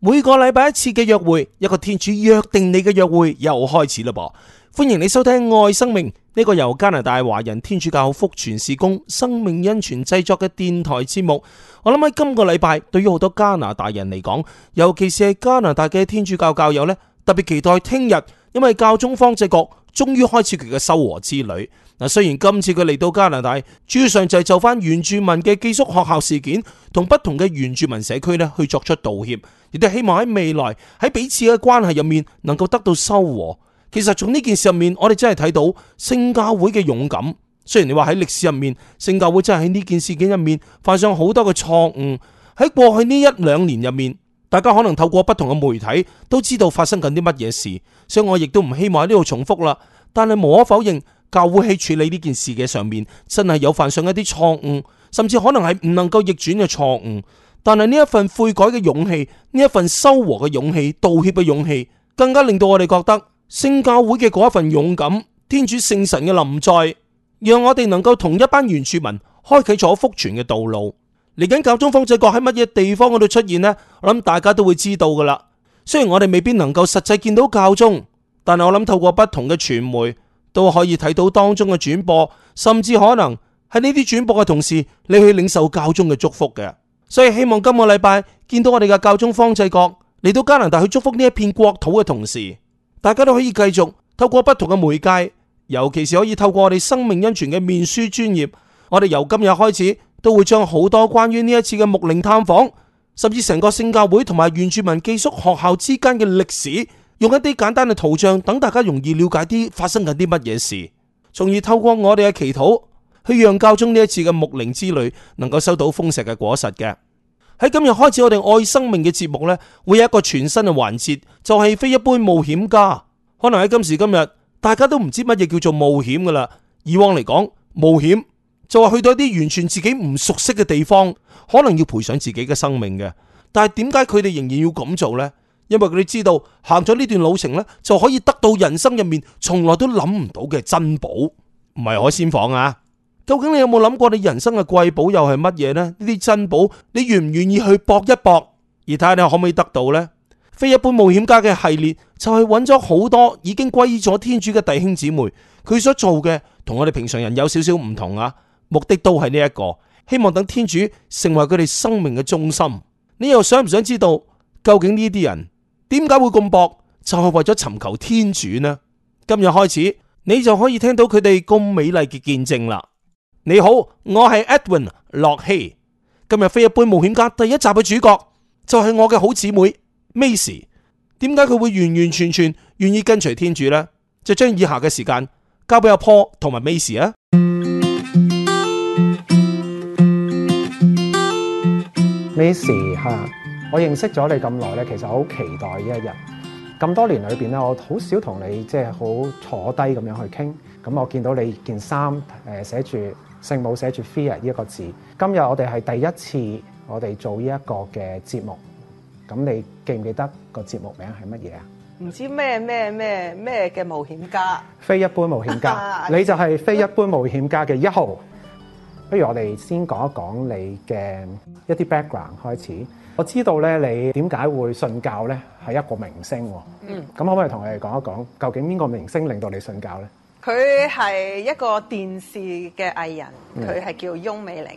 每個禮拜一次嘅約會，一個天主約定你嘅約會又開始啦噃！歡迎你收聽《愛生命》呢個由加拿大華人天主教福傳事工生命恩泉製作嘅電台節目。我諗喺今個禮拜，對於好多加拿大人嚟講，尤其是係加拿大嘅天主教教友呢，特別期待聽日，因為教宗方濟各終於開始佢嘅修和之旅。嗱，雖然今次佢嚟到加拿大，主要上就係就翻原住民嘅寄宿學校事件，同不同嘅原住民社區咧去作出道歉，亦都希望喺未來喺彼此嘅關係入面能夠得到修和。其實從呢件事入面，我哋真係睇到聖教會嘅勇敢。雖然你話喺歷史入面，聖教會真係喺呢件事件入面犯上好多嘅錯誤。喺過去呢一兩年入面，大家可能透過不同嘅媒體都知道發生緊啲乜嘢事，所以我亦都唔希望喺呢度重複啦。但係無可否認。教會喺處理呢件事嘅上面，真係有犯上一啲錯誤，甚至可能係唔能夠逆轉嘅錯誤。但係呢一份悔改嘅勇氣，呢一份修和嘅勇氣、道歉嘅勇氣，更加令到我哋覺得聖教會嘅嗰一份勇敢，天主聖神嘅臨在，讓我哋能夠同一班原住民開啟咗復傳嘅道路。嚟緊教宗方濟各喺乜嘢地方嗰度出現呢？我諗大家都會知道噶啦。雖然我哋未必能夠實際見到教宗，但係我諗透過不同嘅傳媒。都可以睇到當中嘅轉播，甚至可能喺呢啲轉播嘅同時，你去領受教宗嘅祝福嘅。所以希望今個禮拜見到我哋嘅教宗方濟各嚟到加拿大去祝福呢一片國土嘅同時，大家都可以繼續透過不同嘅媒介，尤其是可以透過我哋生命恩泉嘅面書專頁，我哋由今日開始都會將好多關於呢一次嘅牧靈探訪，甚至成個聖教會同埋原住民寄宿學校之間嘅歷史。用一啲簡單嘅圖像，等大家容易了解啲發生緊啲乜嘢事，從而透過我哋嘅祈禱，去讓教宗呢一次嘅牧靈之旅能夠收到豐碩嘅果實嘅。喺今日開始，我哋愛生命嘅節目呢，會有一個全新嘅環節，就係非一般冒險家。可能喺今時今日，大家都唔知乜嘢叫做冒險噶啦。以往嚟講，冒險就係去到一啲完全自己唔熟悉嘅地方，可能要賠上自己嘅生命嘅。但係點解佢哋仍然要咁做呢？因為佢哋知道行咗呢段路程咧，就可以得到人生入面從來都諗唔到嘅珍寶，唔係海鮮舫啊！究竟你有冇諗過你人生嘅貴寶又係乜嘢呢？呢啲珍寶，你願唔願意去搏一搏，而睇下你可唔可以得到呢？非一般冒險家嘅系列，就係揾咗好多已經歸咗天主嘅弟兄姊妹，佢所做嘅同我哋平常人有少少唔同啊！目的都係呢一個，希望等天主成為佢哋生命嘅中心。你又想唔想知道究竟呢啲人？點解會咁薄，就係為咗尋求天主呢？今日開始，你就可以聽到佢哋咁美麗嘅見證啦。你好，我係 Edwin 洛希。今日《非一般冒險家》第一集嘅主角就係我嘅好姊妹 Maisie。點解佢會完完全全願意跟隨天主呢？就將以下嘅時間交俾阿 Paul 同埋 Maisie 啊。Maisie 哈。我認識咗你咁耐咧，其實好期待呢一日。咁多年裏邊，咧，我好少同你即係好坐低咁樣去傾。咁我見到你件衫，誒寫住聖母，寫住 Fear 呢一個字。今日我哋係第一次我哋做呢一個嘅節目。咁你記唔記得個節目名係乜嘢啊？唔知咩咩咩咩嘅冒險家？非一般冒險家， 你就係非一般冒險家嘅一號。 不如我哋先講一講你嘅一啲 background 開始。我知道咧，你點解會信教呢？係一個明星，嗯，咁可唔可以同我哋講一講，究竟邊個明星令到你信教呢？佢係一個電視嘅藝人，佢、嗯、係叫翁美玲。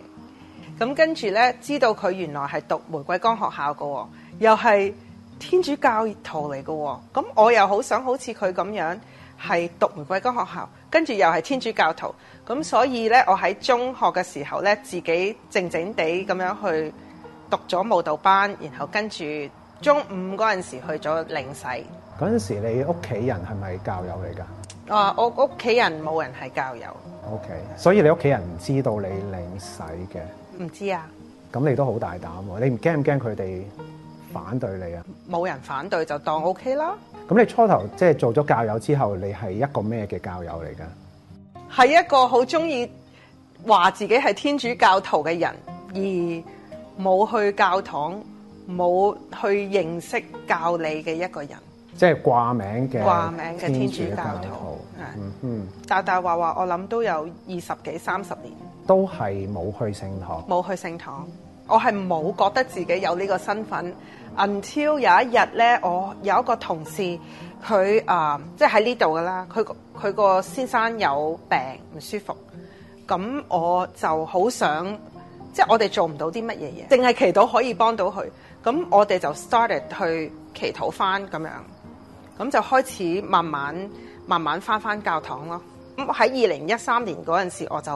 咁跟住呢，知道佢原來係讀玫瑰崗學校喎，又係天主教徒嚟喎。咁我又好想好似佢咁樣，係讀玫瑰崗學校，跟住又係天主教徒。咁所以呢，我喺中學嘅時候呢，自己靜靜地咁樣去讀咗舞蹈班，然後跟住中午嗰陣時去咗領洗。嗰陣時你屋企人係咪教友嚟噶？啊，我屋企人冇人係教友。OK，所以你屋企人唔知道你領洗嘅？唔知啊。咁你都好大膽喎！你唔驚唔驚佢哋反對你啊？冇人反對就當 OK 啦。咁你初頭即係做咗教友之後，你係一個咩嘅教友嚟噶？係一個好中意話自己係天主教徒嘅人，而。冇去教堂，冇去認識教理嘅一個人，即係掛名嘅掛名嘅天主教徒。嗯嗯。大大話話，我諗都有二十幾三十年，都係冇去聖堂，冇去聖堂，我係冇覺得自己有呢個身份。Until 有一日咧，我有一個同事，佢啊，即係喺呢度噶啦，佢佢個先生有病唔舒服，咁我就好想。即係我哋做唔到啲乜嘢嘢，淨係祈禱可以幫到佢，咁我哋就 started 去祈禱翻咁樣，咁就開始慢慢慢慢翻翻教堂咯。咁喺二零一三年嗰陣時，我就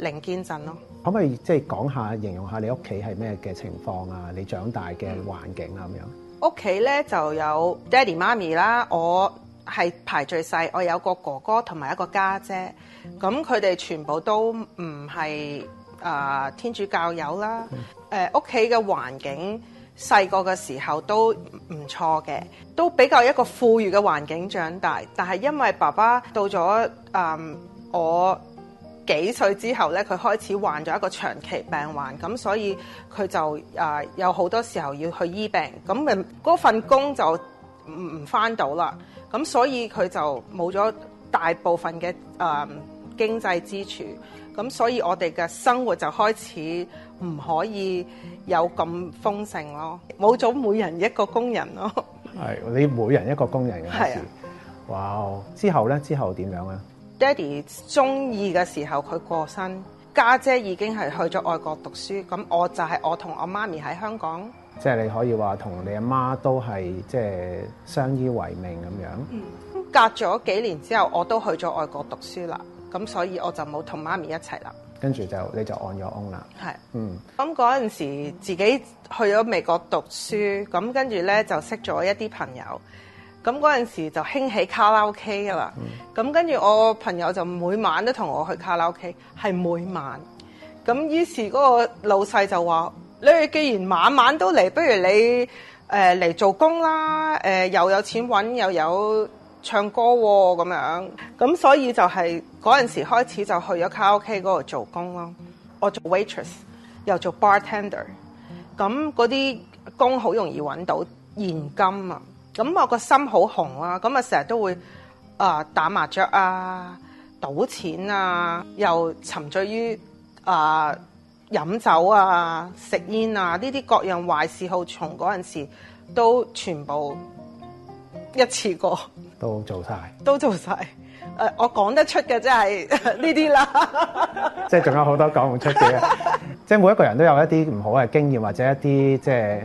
領堅振咯。可唔可以即係講下、形容下你屋企係咩嘅情況啊？你長大嘅環境啊咁樣？屋企咧就有爹哋媽咪啦，我係排最細，我有個哥哥同埋一個家姐、姐，咁佢哋全部都唔係。啊，天主教友啦，誒屋企嘅環境細個嘅時候都唔錯嘅，都比較一個富裕嘅環境長大。但係因為爸爸到咗、嗯、我幾歲之後咧，佢開始患咗一個長期病患，咁所以佢就、嗯、有好多時候要去醫病，咁份工就唔翻到啦。咁所以佢就冇咗大部分嘅誒、嗯、經濟支柱。咁所以我哋嘅生活就開始唔可以有咁豐盛咯，冇咗每人一個工人咯。係，你每人一個工人嘅事。係啊。哇！之後咧，之後點樣咧？爹哋中意嘅時候佢過身，家姐已經係去咗外國讀書，咁我就係我同我媽咪喺香港。即係你可以話同你阿媽都係即係相依為命咁樣。嗯。隔咗幾年之後，我都去咗外國讀書啦。咁所以我就冇同媽咪一齊啦，跟住就你就 on your own 啦。係，嗯。咁嗰陣時自己去咗美國讀書，咁跟住咧就識咗一啲朋友。咁嗰陣時就興起卡拉 OK 啊嘛。咁跟住我朋友就每晚都同我去卡拉 OK，係每晚。咁於是嗰個老細就話：你既然晚晚都嚟，不如你誒嚟、呃、做工啦。誒、呃、又有錢揾又有。唱歌喎、哦、咁樣，咁所以就係嗰陣時開始就去咗卡拉 OK 嗰度做工咯。我做 waitress，又做 bartender。咁嗰啲工好容易揾到現金啊。咁我個心好紅啊。咁啊成日都會啊、呃、打麻雀啊，賭錢啊，又沉醉於啊、呃、飲酒啊、食煙啊呢啲各樣壞嗜好。從嗰陣時都全部一次過。都做晒，都做晒。誒、uh，我講得出嘅即係呢啲啦。即係仲有好多講唔出嘅，即 係每一個人都有一啲唔好嘅經驗，或者一啲即係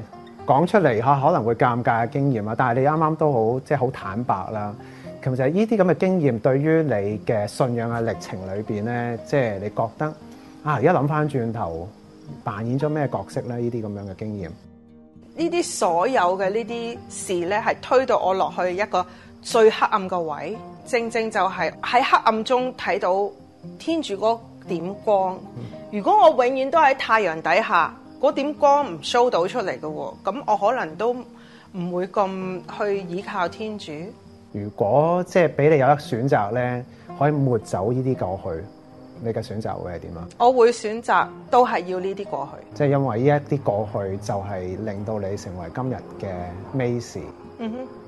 講出嚟嚇可能會尷尬嘅經驗啊。但係你啱啱都好，即係好坦白啦。其實這些這、就是啊、呢啲咁嘅經驗，對於你嘅信仰嘅歷程裏邊咧，即係你覺得啊，而家諗翻轉頭扮演咗咩角色咧？呢啲咁樣嘅經驗，呢啲所有嘅呢啲事咧，係推到我落去一個最黑暗嘅位，正正就係喺黑暗中睇到天主嗰點光，嗯。如果我永遠都喺太陽底下，嗰點光唔 show 到出嚟嘅，咁我可能都唔會咁去倚靠天主。如果即係俾你有得選擇咧，可以抹走呢啲過去，你嘅選擇會係點啊？我會選擇都係要呢啲過去。即係因為呢一啲過去就係令到你成為今日嘅 Miss。嗯哼。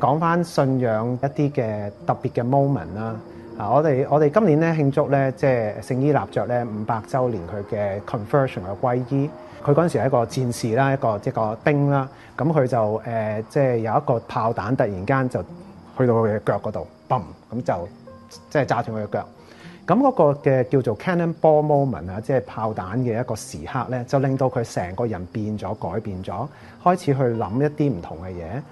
講翻信仰一啲嘅特別嘅 moment 啦，啊，我哋我哋今年咧慶祝咧，即係聖依納爵咧五百週年佢嘅 conversion 嘅皈依，佢嗰陣時係一個戰士啦，一個，一個、呃、即個兵啦，咁佢就誒即係有一個炮彈突然間就去到佢嘅腳嗰度，嘣咁就即係炸斷佢嘅腳，咁嗰個嘅叫做 cannonball moment 啊，即係炮彈嘅一個時刻咧，就令到佢成個人變咗、改變咗，開始去諗一啲唔同嘅嘢。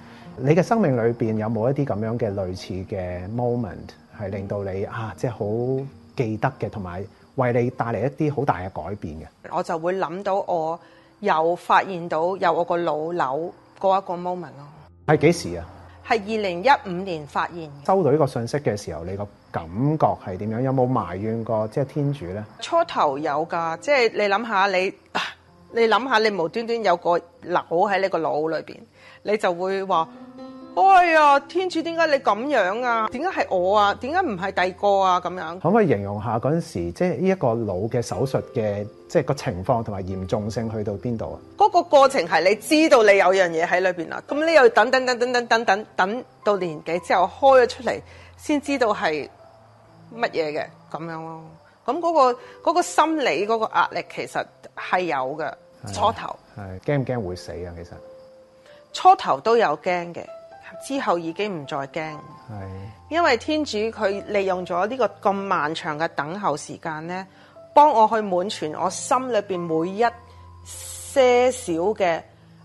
你嘅生命裏邊有冇一啲咁樣嘅類似嘅 moment 係令到你啊，即係好記得嘅，同埋為你帶嚟一啲好大嘅改變嘅？我就會諗到我又發現到有我個腦嗰個腦瘤嗰一個 moment 咯。係幾時啊？係二零一五年發現。收到呢個信息嘅時候，你個感覺係點樣？有冇埋怨過即係天主咧？初頭有㗎，即係你諗下你你諗下你無端端有個瘤喺你個腦裏邊，你就會話。哎呀！天主，點解你咁樣啊？點解係我啊？點解唔係第二個啊？咁樣可唔可以形容下嗰陣時，即係呢一個腦嘅手術嘅，即係個情況同埋嚴重性去到邊度啊？嗰、嗰個過程係你知道你有一樣嘢喺裏邊啦，咁你又等等等等等等等,等到年紀之後開咗出嚟，先知道係乜嘢嘅咁樣咯。咁、嗰、嗰個、嗰個心理嗰個壓力其實係有嘅，初頭係驚唔驚會死啊？其實初頭都有驚嘅。之後已經唔再驚，因為天主佢利用咗呢個咁漫長嘅等候時間咧，幫我去滿全我心裏邊每一些少嘅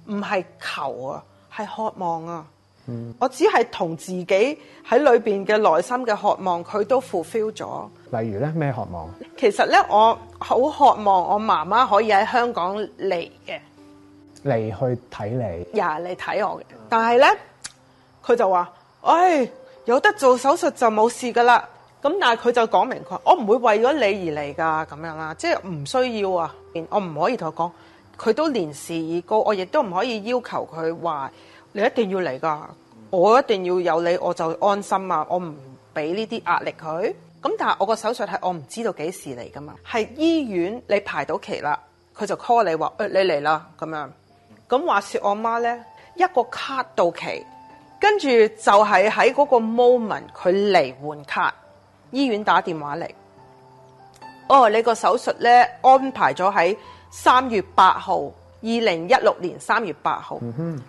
唔係求啊，係渴望啊。嗯、我只係同自己喺裏邊嘅內心嘅渴望，佢都 fulfill 咗。例如咧，咩渴望？其實咧，我好渴望我媽媽可以喺香港嚟嘅，嚟去睇你，呀、yeah, 你睇我嘅，但係咧。佢就話：，唉、哎，有得做手術就冇事噶啦。咁，但係佢就講明佢我唔會為咗你而嚟噶咁樣啦，即係唔需要啊。我唔可以同佢講，佢都年事已高，我亦都唔可以要求佢話你一定要嚟噶。我一定要有你我就安心啊。我唔俾呢啲壓力佢。咁，但係我個手術係我唔知道幾時嚟噶嘛。係醫院你排到期啦，佢就 call 你話：，你嚟啦咁樣。咁話說我媽呢，一個卡到期。跟住就係喺嗰個 moment，佢嚟換卡，醫院打電話嚟，哦，你個手術咧安排咗喺三月八號，二零一六年三月八號。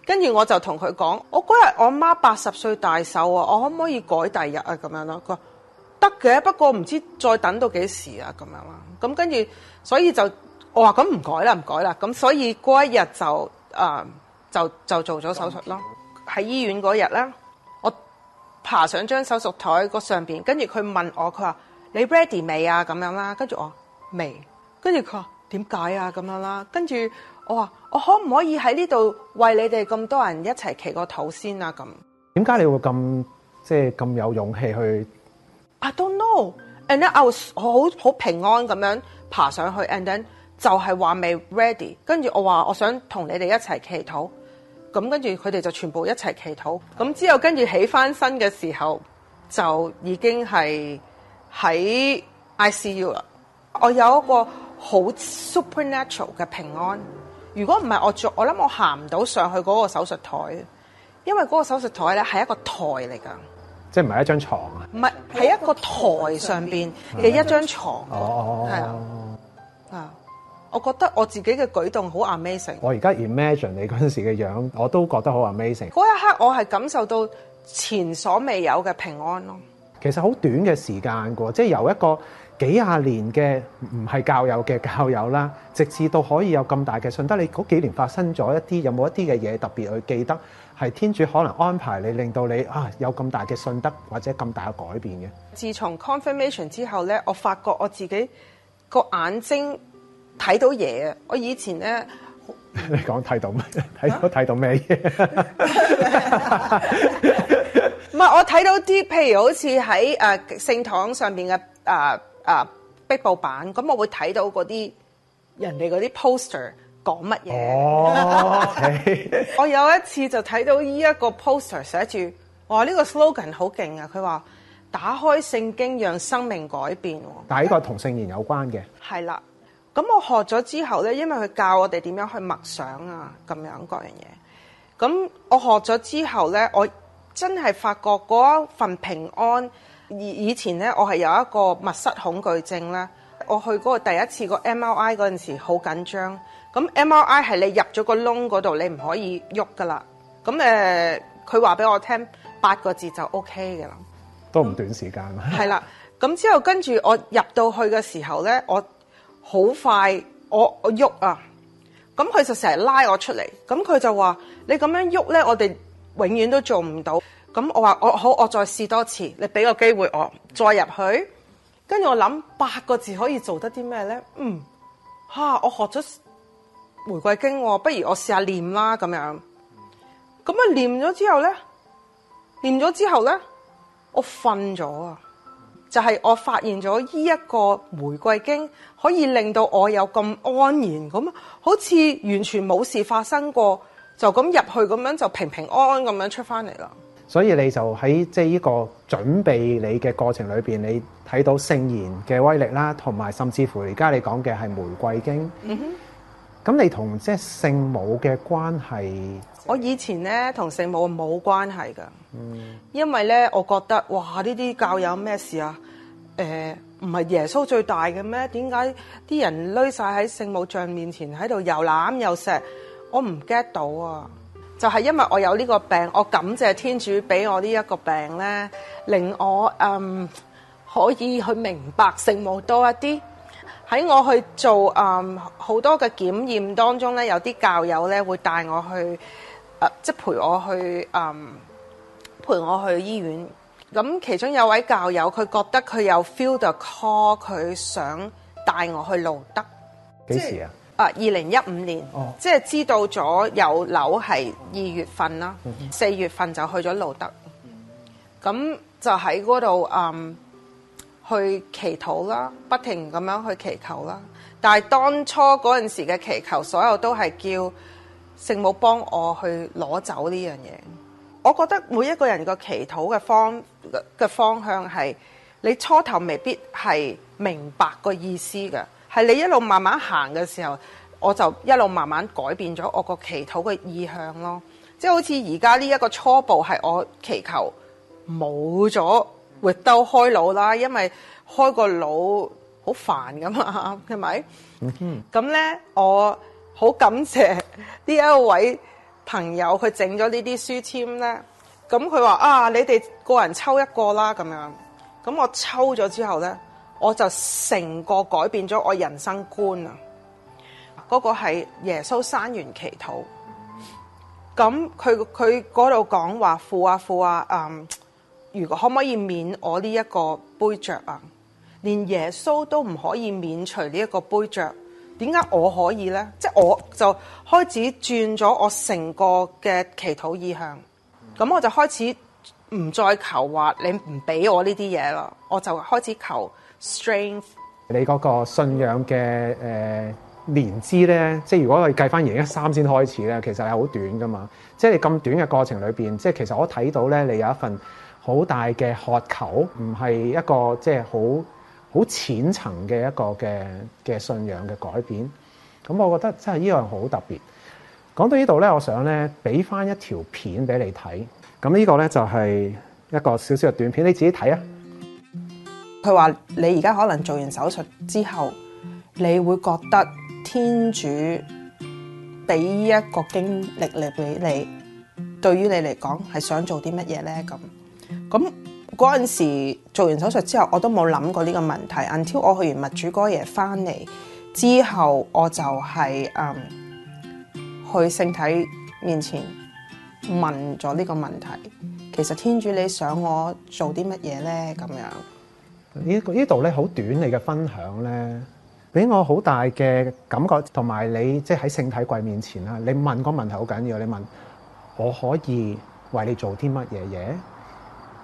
跟住我就同佢講，我嗰日我媽八十歲大壽啊，我可唔可以改第二日啊？咁樣咯，佢話得嘅，不過唔知再等到幾時啊？咁樣啦，咁跟住所以就我話咁唔改啦，唔改啦，咁所以嗰一日就、呃、就就做咗手術啦喺醫院嗰日咧，我爬上張手術台個上邊，跟住佢問我，佢話你 ready 未啊？咁樣啦，跟住我話未，跟住佢話點解啊？咁樣啦，跟住我話我可唔可以喺呢度為你哋咁多人一齊祈個禱先啊？咁點解你會咁即係咁有勇氣去？I don't know，and I was 我好好平安咁樣爬上去，and then 就係話未 ready，跟住我話我想同你哋一齊祈禱。咁跟住佢哋就全部一齊祈禱，咁之後跟住起翻身嘅時候，就已經係喺 ICU 啦。我有一個好 supernatural 嘅平安，如果唔係我做，我諗我行唔到上去嗰個手術台，因為嗰個手術台咧係一個台嚟㗎，即係唔係一張床啊？唔係，係一個台上邊嘅、嗰個、一張牀，係、哦哦哦哦哦、啊。我覺得我自己嘅舉動好 amazing。我而家 imagine 你嗰陣時嘅樣，我都覺得好 amazing。嗰一刻我係感受到前所未有嘅平安咯。其實好短嘅時間㗎，即係由一個幾廿年嘅唔係教友嘅教友啦，直至到可以有咁大嘅信德。你嗰幾年發生咗一啲有冇一啲嘅嘢特別去記得？係天主可能安排你令到你啊有咁大嘅信德或者咁大嘅改變嘅？自從 confirmation 之後咧，我發覺我自己個眼睛。睇到嘢啊！我以前咧，你講睇到咩？睇、啊、到睇到咩嘢？唔 我睇到啲，譬如好似喺誒聖堂上面嘅誒誒壁布版，咁我會睇到嗰啲人哋嗰啲 poster 講乜嘢？哦， 我有一次就睇到依一個 poster 寫住，哇！呢、這個 slogan 好勁啊！佢話打開聖經，讓生命改變。但係呢個同聖言有關嘅。係啦。咁我學咗之後咧，因為佢教我哋點樣去默想啊，咁樣嗰樣嘢。咁我學咗之後咧，我真係發覺嗰份平安。以以前咧，我係有一個密室恐懼症啦。我去嗰個第一次個 MRI 嗰陣時，好緊張。咁 MRI 係你入咗個窿嗰度，你唔可以喐噶啦。咁誒，佢話俾我聽八個字就 OK 嘅啦。都唔短時間。係、嗯、啦，咁之後跟住我入到去嘅時候咧，我。好快，我我喐啊！咁佢就成日拉我出嚟，咁佢就話你咁樣喐咧，我哋永遠都做唔到。咁我話我好，我再試多次，你俾個機會我再入去。跟住我諗八個字可以做得啲咩咧？嗯，吓我學咗《玫瑰經》，不如我試下念啦，咁樣。咁啊，念咗之後咧，念咗之後咧，我瞓咗啊！就係我發現咗依一個《玫瑰經》。可以令到我有咁安然咁，好似完全冇事發生過，就咁入去咁樣就平平安安咁樣出翻嚟啦。所以你就喺即係呢個準備你嘅過程裏邊，你睇到聖言嘅威力啦，同埋甚至乎而家你講嘅係玫瑰經。嗯哼。咁你同即係聖母嘅關係？我以前咧同聖母冇關係噶。嗯，因為咧我覺得哇呢啲教友咩事啊，誒、欸。唔係耶穌最大嘅咩？點解啲人攏晒喺聖母像面前，喺度又攬又錫？我唔 get 到啊！就係、是、因為我有呢個病，我感謝天主俾我呢一個病咧，令我嗯可以去明白聖母多一啲。喺我去做嗯好多嘅檢驗當中咧，有啲教友咧會帶我去，呃、即係陪我去嗯陪我去醫院。咁其中有位教友，佢覺得佢有 feel the call，佢想帶我去路德。幾時啊？啊，二零一五年，oh. 即係知道咗有樓係二月份啦，四、oh. 月份就去咗路德。咁、mm-hmm. 就喺嗰度嗯，um, 去祈禱啦，不停咁樣去祈求啦。但係當初嗰陣時嘅祈求，所有都係叫聖母幫我去攞走呢樣嘢。我覺得每一個人個祈禱嘅方嘅方向係，你初頭未必係明白個意思嘅，係你一路慢慢行嘅時候，我就一路慢慢改變咗我個祈禱嘅意向咯。即好似而家呢一個初步係我祈求冇咗 withdraw 開腦啦，因為開個腦好煩噶嘛，係咪？嗯 咁咧我好感謝呢一位。朋友佢整咗呢啲書簽咧，咁佢話啊，你哋個人抽一個啦咁樣，咁我抽咗之後咧，我就成個改變咗我人生觀啊！嗰、那個係耶穌山園祈禱，咁佢佢嗰度講話父啊父啊，嗯，如果可唔可以免我呢一個杯著啊？連耶穌都唔可以免除呢一個杯著。點解我可以咧？即係我就開始轉咗我成個嘅祈禱意向，咁我就開始唔再求話你唔俾我呢啲嘢咯，我就開始求 strength。你嗰個信仰嘅誒年資咧，即係如果我計翻二零一三先開始咧，其實係好短噶嘛。即係你咁短嘅過程裏邊，即係其實我睇到咧，你有一份好大嘅渴求，唔係一個即係好。好淺層嘅一個嘅嘅信仰嘅改變，咁我覺得真係呢樣好特別。講到呢度咧，我想咧俾翻一條片俾你睇。咁呢個咧就係一個少少嘅短片，你自己睇啊。佢話：你而家可能做完手術之後，你會覺得天主俾一個經歷嚟俾你，對於你嚟講係想做啲乜嘢咧？咁咁。嗰陣時做完手術之後，我都冇諗過呢個問題。Until 我去完默主哥耶翻嚟之後，我就係、是、嗯去聖體面前問咗呢個問題。其實天主你想我做啲乜嘢咧？咁樣呢呢度咧好短，你嘅分享咧俾我好大嘅感覺，同埋你即係喺聖體櫃面前啦，你問個問題好緊要。你問我可以為你做啲乜嘢嘢？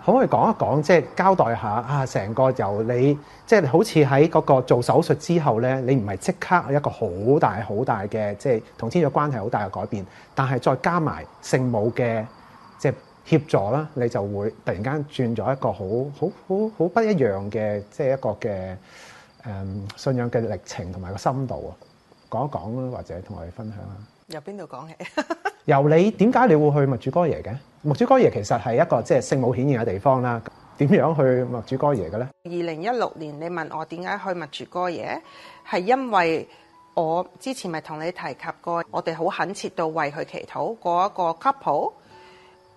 可唔可以講一講，即係交代一下啊！成個由你，即係好似喺嗰個做手術之後咧，你唔係即刻一個好大好大嘅，即係同天主關係好大嘅改變。但係再加埋聖母嘅即係協助啦，你就會突然間轉咗一個好好好好不一樣嘅，即係一個嘅誒、嗯、信仰嘅歷程同埋個深度啊！講一講啦，或者同我哋分享啊！由邊度講起？ 由你點解你會去默主哥耶嘅？默主哥耶其實係一個即係聖母顯現嘅地方啦，點樣去默主哥耶嘅咧？二零一六年你問我點解去默主哥耶，係因為我之前咪同你提及過，我哋好懇切到為佢祈禱嗰一個 couple。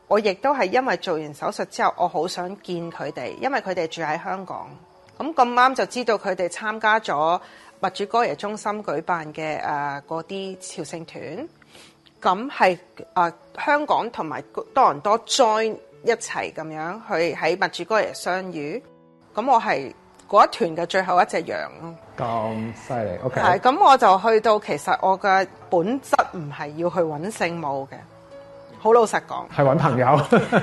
我亦都係因為做完手術之後，我好想見佢哋，因為佢哋住喺香港。咁咁啱就知道佢哋參加咗默主哥耶中心舉辦嘅誒嗰啲朝聖團。咁係啊，香港同埋多倫多 join 一齊咁樣去喺墨西哥嘅相遇，咁我係嗰一團嘅最後一隻羊咯。咁犀利，OK？咁、嗯，我就去到其實我嘅本質唔係要去揾聖母嘅，好老實講係揾朋友。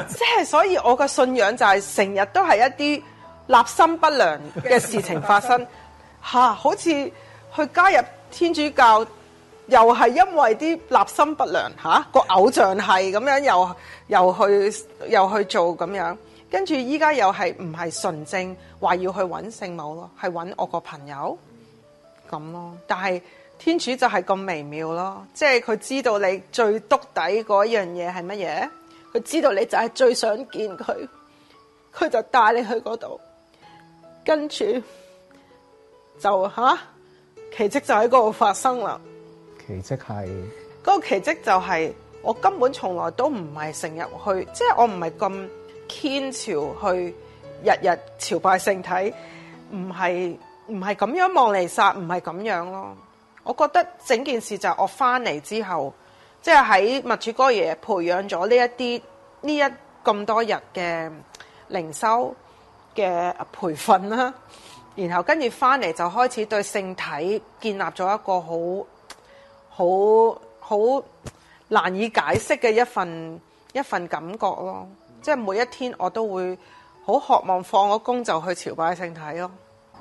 即 係所以我嘅信仰就係成日都係一啲立心不良嘅事情發生吓， 好似去加入天主教。又係因為啲立心不良吓，個、啊、偶像係咁樣，又又去又去做咁樣，跟住依家又係唔係純正，話要去揾聖母咯，係揾我個朋友咁咯。但係天主就係咁微妙咯，即係佢知道你最篤底嗰樣嘢係乜嘢，佢知道你就係最想見佢，佢就帶你去嗰度，跟住就吓、啊、奇迹就喺嗰度發生啦。奇蹟係嗰個奇蹟就係我根本從來都唔係成日去，即係我唔係咁虔誠去日日朝拜聖體，唔係唔係咁樣望彌撒，唔係咁樣咯。我覺得整件事就係我返嚟之後，即係喺默主哥耶培養咗呢一啲呢一咁多日嘅靈修嘅培訓啦，然後跟住返嚟就開始對聖體建立咗一個好。好好難以解釋嘅一份一份感覺咯，即係每一天我都會好渴望放咗工就去朝拜聖體咯。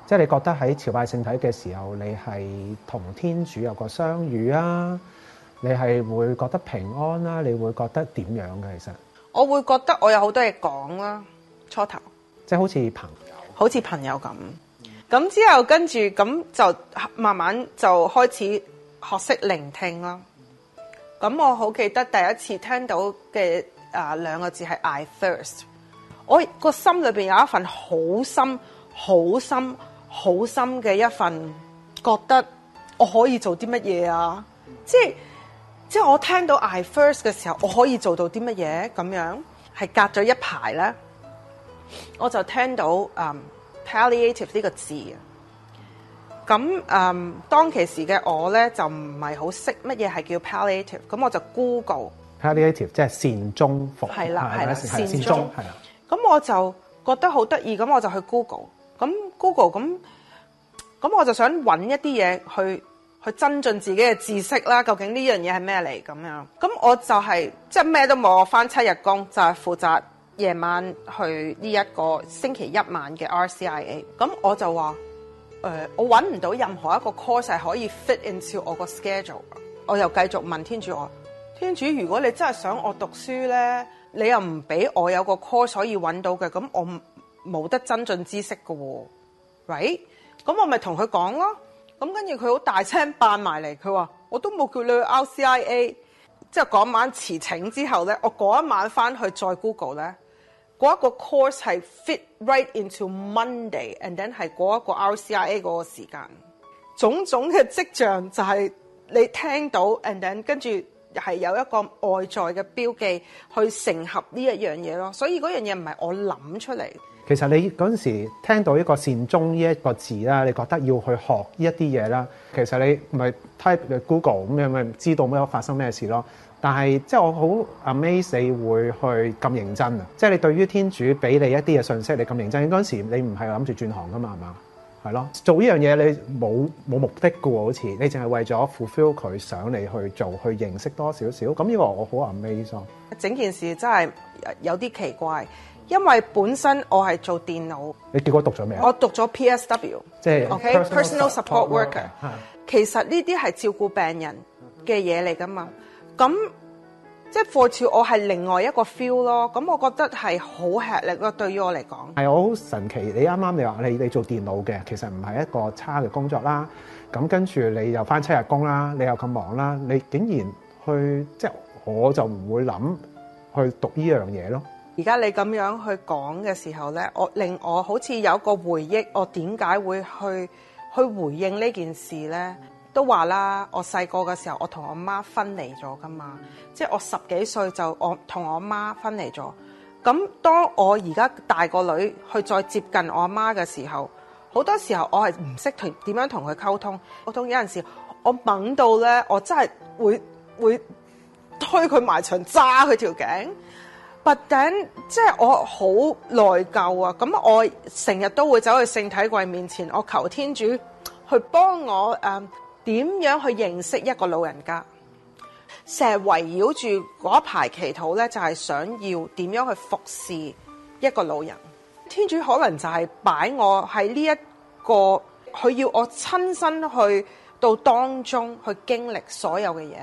即係你覺得喺朝拜聖體嘅時候，你係同天主有個相遇啊？你係會覺得平安啦、啊？你會覺得點樣嘅、啊？其實我會覺得我有好多嘢講啦，初頭即係好似朋友，好似朋友咁，咁、嗯、之後跟住咁就慢慢就開始。學識聆聽咯，咁我好記得第一次聽到嘅啊兩個字係 I first，我個心裏面有一份好深、好深、好深嘅一份覺得我可以做啲乜嘢啊！即係即係我聽到 I first 嘅時候，我可以做到啲乜嘢咁樣？係隔咗一排咧，我就聽到啊、um, palliative 呢個字啊。咁誒、嗯，當其時嘅我咧就唔係好識乜嘢係叫 palliative，咁我就 Google palliative 即係善終服務，係啦，係啦善終係啦。咁我就覺得好得意，咁我就去 Google，咁 Google，咁咁我就想揾一啲嘢去去增進自己嘅知識啦。究竟呢樣嘢係咩嚟？咁樣，咁我就係、是、即係咩都冇，我翻七日工，就係、是、負責夜晚去呢一個星期一晚嘅 RCIA。咁我就話。誒、呃，我揾唔到任何一個 course 係可以 fit into 我個 schedule 的。我又繼續問天主我：天主，如果你真係想我讀書咧，你又唔俾我有個 course 可以揾到嘅，咁我冇得增進知識嘅喎。喂，咁我咪同佢講咯。咁跟住佢好大聲扮埋嚟，佢話我都冇叫你 out C I A。即係嗰晚辭請之後咧，我嗰一晚翻去再 google 咧。嗰一個 course 係 fit right into Monday，and then 係嗰一個 RCIA 嗰個時間，種種嘅跡象就係你聽到，and then 跟住係有一個外在嘅標記去成合呢一樣嘢咯，所以嗰樣嘢唔係我諗出嚟。其實你嗰陣時聽到一個善終呢一個字啦，你覺得要去學呢一啲嘢啦，其實你咪 type 嘅 Google 咁樣咪知道咩發生咩事咯。但係即係我好 amazed 你會去咁認真啊！即係你對於天主俾你一啲嘅信息，你咁認真嗰陣時，你唔係諗住轉行噶嘛？係嘛？係咯，做呢樣嘢你冇冇目的嘅喎，好似你淨係為咗 fulfill 佢想你去做，去認識多少少咁。呢個我好 amazed，整件事真係有啲奇怪，因為本身我係做電腦，你結果讀咗咩？啊？我讀咗 PSW，即係、okay, personal, personal support, support worker、啊。其實呢啲係照顧病人嘅嘢嚟㗎嘛。咁即係課照，我係另外一個 feel 咯。咁我覺得係好吃力咯。對於我嚟講，係我好神奇。你啱啱你話你你做電腦嘅，其實唔係一個差嘅工作啦。咁跟住你又返七日工啦，你又咁忙啦，你竟然去即係我就唔會諗去讀呢樣嘢咯。而家你咁樣去講嘅時候咧，我令我好似有一個回憶，我點解會去去回應呢件事咧？都話啦，我細個嘅時候，我同我媽分離咗噶嘛，即係我十幾歲就我同我媽分離咗。咁當我而家大個女去再接近我阿媽嘅時候，好多時候我係唔識同點樣同佢溝通。溝通有陣時，我猛到呢，我真係會會推佢埋牆，揸佢條頸。拔頂，即係我好內疚啊！咁我成日都會走去聖體櫃面前，我求天主去幫我，嗯點樣去認識一個老人家？成日圍繞住嗰排祈禱咧，就係想要點樣去服侍一個老人？天主可能就係擺我喺呢一個，佢要我親身去到當中去經歷所有嘅嘢。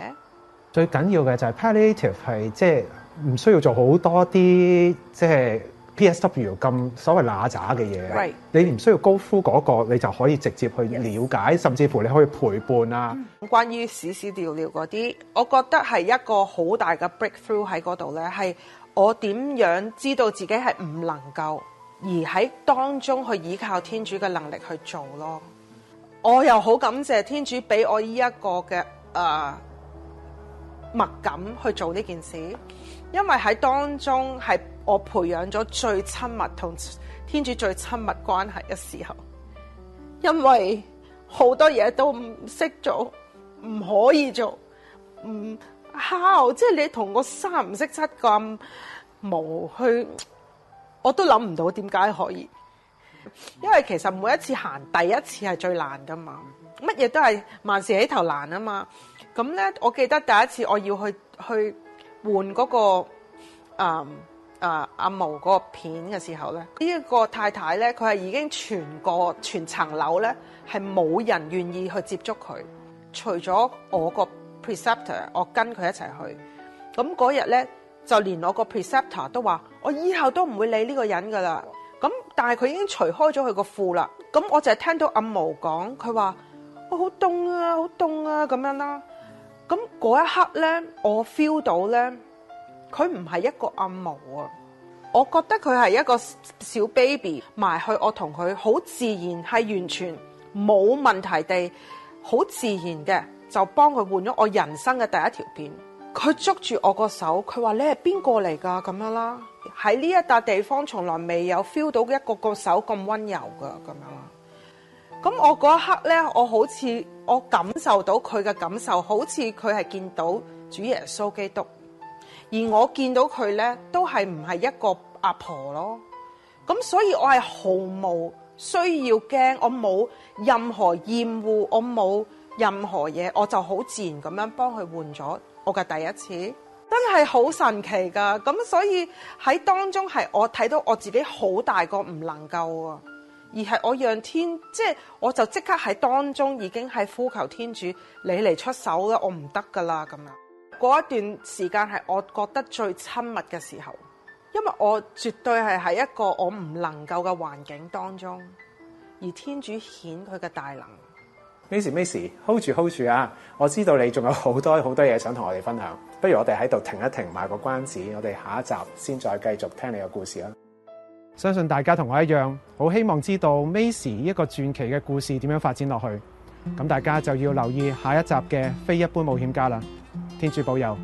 最緊要嘅就係 palliative 係即係唔需要做好多啲即係。就是 P.S.W. 咁所謂嗱喳嘅嘢，right. 你唔需要高呼嗰個，你就可以直接去了解，yes. 甚至乎你可以陪伴啊、嗯。關於屎屎尿尿嗰啲，我覺得係一個好大嘅 breakthrough 喺嗰度咧，係我點樣知道自己係唔能夠，而喺當中去依靠天主嘅能力去做咯。我又好感謝天主俾我依一個嘅誒、uh, 默感去做呢件事，因為喺當中係。我培養咗最親密同天主最親密關係嘅時候，因為好多嘢都唔識做，唔可以做，唔敲，即係你同個三唔識七咁冇去，我都諗唔到點解可以，因為其實每一次行第一次係最難噶嘛，乜嘢都係萬事起頭難啊嘛。咁咧，我記得第一次我要去去換嗰個、那個、嗯啊！阿、啊、毛嗰個片嘅時候咧，呢、這、一個太太咧，佢係已經全個全層樓咧，係冇人願意去接觸佢，除咗我個 preceptor，我跟佢一齊去。咁嗰日咧，就連我個 preceptor 都話：我以後都唔會理呢個人噶啦。咁但係佢已經除開咗佢個褲啦。咁我就係聽到阿、啊、毛講，佢話：我好凍啊，好凍啊咁樣啦。咁嗰一刻咧，我 feel 到咧。佢唔係一個暗毛啊，我覺得佢係一個小 baby，埋去我同佢好自然，係完全冇問題地，好自然嘅就幫佢換咗我人生嘅第一條片。佢捉住我個手，佢話你係邊個嚟噶，咁樣啦。喺呢一笪地方，從來未有 feel 到一個個手咁溫柔噶咁樣啦。咁我嗰一刻呢，我好似我感受到佢嘅感受，好似佢係見到主耶穌基督。而我見到佢呢，都係唔係一個阿婆咯？咁所以，我係毫無需要驚，我冇任何厭惡，我冇任何嘢，我就好自然咁樣幫佢換咗我嘅第一次，真係好神奇噶！咁所以喺當中係我睇到我自己好大個唔能夠啊，而係我讓天，即係我就即刻喺當中已經係呼求天主，你嚟出手啦！我唔得噶啦咁樣。嗰一段時間係我覺得最親密嘅時候，因為我絕對係喺一個我唔能夠嘅環境當中，而天主顯佢嘅大能。Macy，Macy，hold 住 hold 住啊！我知道你仲有好多好多嘢想同我哋分享，不如我哋喺度停一停買個關子，我哋下一集先再繼續聽你嘅故事啦。相信大家同我一樣，好希望知道 Macy 一個傳奇嘅故事點樣發展落去。咁大家就要留意下一集嘅非一般冒險家啦！天主保佑。